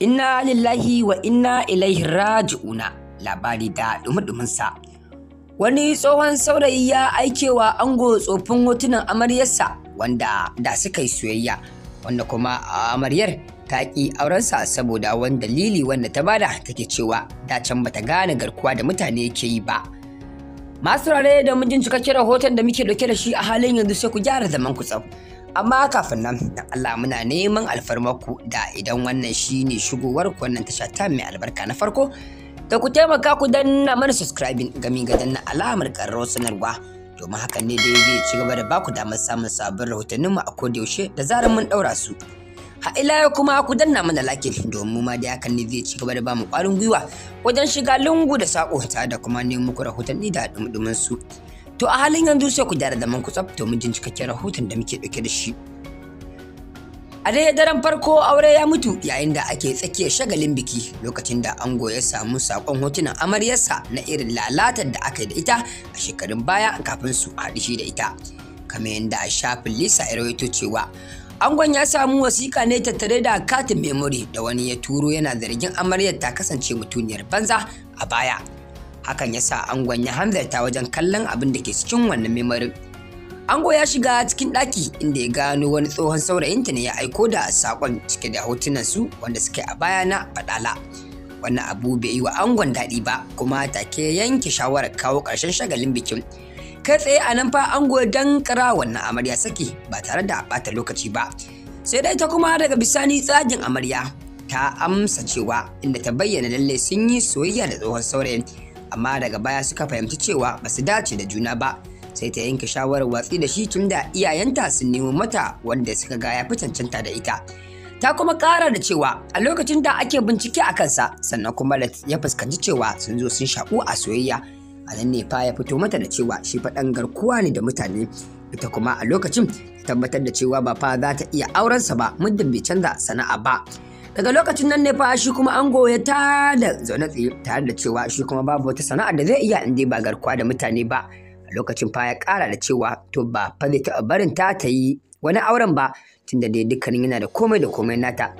inna lillahi wa inna ilaihi raji'una labari da dumudumunsa wani tsohon saurayi ya aikewa ango tsofin hotunan amaryarsa wanda da suka yi soyayya wanda kuma amaryar ta ƙi aurensa saboda wani dalili wanda ta bada take cewa da can bata gane garkuwa da mutane ke yi ba masu rare da mujin cikakken rahoton da muke dauke da shi a halin yanzu sai ku gyara zaman ku tsaf amma kafin nan dan Allah muna neman alfarmarku da idan wannan shine shigowar wannan tasha ta mai albarka na farko da ku taimaka ku danna mana subscribing gami ga danna alamar karrar sanarwa domin hakan ne dai zai ci gaba da baku damar samun sabbin mu a kodayaushe da zarar mun daura su. ha ila kuma ku danna mana lakin domin ma da hakan ne zai ci gaba da bamu kwarin gwiwa wajen shiga lungu da sako ta da kuma neman muku rahotanni da dumdumin su To a halin yanzu sai ku gyara zaman ku tsafto domin jin cikakken rahoton da muke ɗauke da shi. A dai daren farko aure ya mutu yayin da ake tsakiyar shagalin biki lokacin da ango ya samu sakon hotunan amaryarsa na irin lalatar da aka yi da ita a shekarun baya kafin su haɗu shi da ita. Kamar yadda shafin Lisa ya rawaito cewa angon ya samu wasiƙa ne tattare da katin memory da wani ya turo yana zargin amaryar ta kasance mutuniyar banza a baya hakan ya sa angon ya hanzarta wajen kallon abin da ke cikin wannan memorin ango ya shiga cikin ɗaki inda ya gano wani tsohon saurayin ta ne ya aiko da saƙon cike da hotunan su wanda suke a baya na faɗala wannan abu bai yi wa angon daɗi ba kuma take yanke shawarar kawo ƙarshen shagalin bikin kai tsaye a nan fa ango ya dankara wannan amarya saki ba tare da bata lokaci ba sai dai ta kuma daga bisani tsagin amarya ta amsa cewa inda ta bayyana lalle sun yi soyayya da tsohon saurayin amma daga baya suka fahimci cewa ba su dace da juna ba sai ta yanke shawarar watsi da shi tunda iyayenta sun nemo mata wanda suka ga ya fi cancanta da ita ta kuma kara da cewa a lokacin da ake bincike a kansa sannan kuma da ya fuskanci cewa sun zo sun shaƙu a soyayya a nan ne fa ya fito mata da cewa shi faɗan garkuwa ne da mutane ita kuma a lokacin tabbatar da cewa ba fa za ta iya aurensa ba muddin bai canza sana'a ba daga lokacin nan ne fa shi kuma ango ya tada zaune tsaye tare da cewa shi kuma babu wata sana'a da zai iya in dai ba garkuwa da mutane ba a lokacin fa ya kara da cewa to ba fa zai taɓa barin ta ta yi wani auren ba tunda dai dukkanin yana da komai da komai nata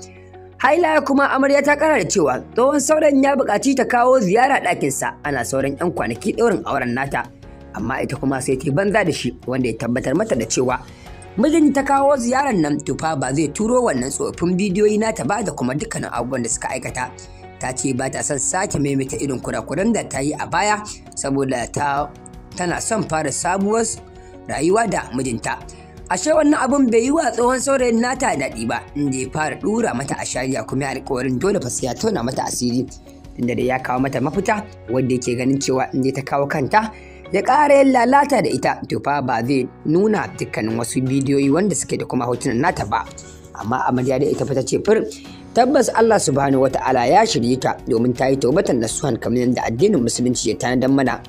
haila kuma amarya ta kara da cewa tsohon sauran ya buƙaci ta kawo ziyara ɗakinsa ana sauran 'yan kwanaki ɗaurin auren nata amma ita kuma sai ta banza da shi wanda ya tabbatar mata da cewa mijin ta kawo ziyarar nan tufa ba zai turo wannan tsofin bidiyoyi na ta ba da kuma dukkanin abubuwan da suka aikata ta ce ba ta son sake maimaita irin kurakuran da ta yi a baya saboda ta tana son fara sabuwar rayuwa da mijinta ashe wannan abun bai yi wa tsohon saurayin nata daɗi ba inda ya fara ɗura mata a shari'a kuma ya alƙawarin dole fasa ya tona mata asiri inda da ya kawo mata mafita wanda yake ganin cewa inda ta kawo kanta ya ƙara yin lalata da ita to fa ba zai nuna dukkanin wasu bidiyoyi wanda suke da kuma hotunan nata ba amma amarya da ita fa ce fir tabbas Allah subhanahu wata'ala ya shirye ta domin ta yi taubatan nasuhan kamar yadda addinin musulunci ya dan mana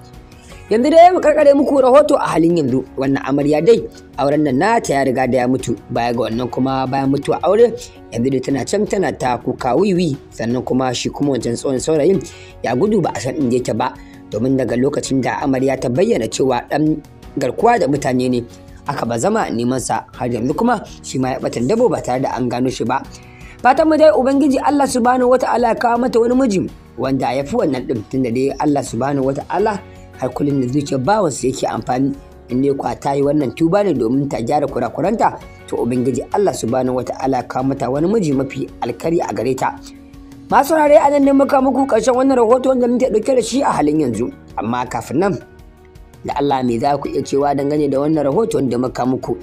yanzu dai mu karkare muku rahoto a halin yanzu wannan amarya dai auren nan nata ya riga da ya mutu baya ga wannan kuma bayan mutuwa aure yanzu dai tana can tana ta kuka wiwi sannan kuma shi kuma wancan tsohon saurayin ya gudu ba a san inda yake ba domin daga lokacin da amarya ta bayyana cewa ɗan garkuwa da mutane ne aka ba zama nemansa har yanzu kuma shi ma ya batan dabo ba tare da an gano shi ba fatan mu dai ubangiji Allah subhanahu wata'ala ya kawo mata wani miji wanda ya fi wannan din tunda dai Allah subhanahu wata'ala har kullum da zuciyar bawansa yake amfani in ne kwa ta yi wannan tuba ne domin ta gyara kurakuranta to ubangiji Allah subhanahu wata'ala ya kawo mata wani miji mafi alkari a gare ta masu rare a nan ne muka muku ƙarshen wannan rahoton da muke ɗauke da shi a halin yanzu amma kafin nan da Allah mai za ku iya cewa dangane da wannan rahoton da muka muku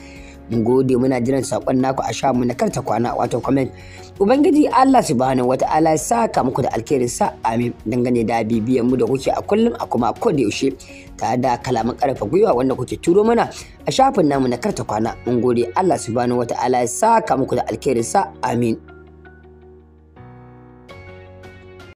gode muna jiran saƙon naku a sha mu na karta kwana wato comment ubangiji Allah subhanahu wata'ala ya saka muku da alkhairin sa amin dangane da bibiyan mu da kuke a kullum a kuma ko da yaushe ta da kalaman karfa gwiwa wanda kuke turo mana a shafin namu na karta kwana mun gode Allah subhanahu wata'ala ya saka muku da alkhairin sa amin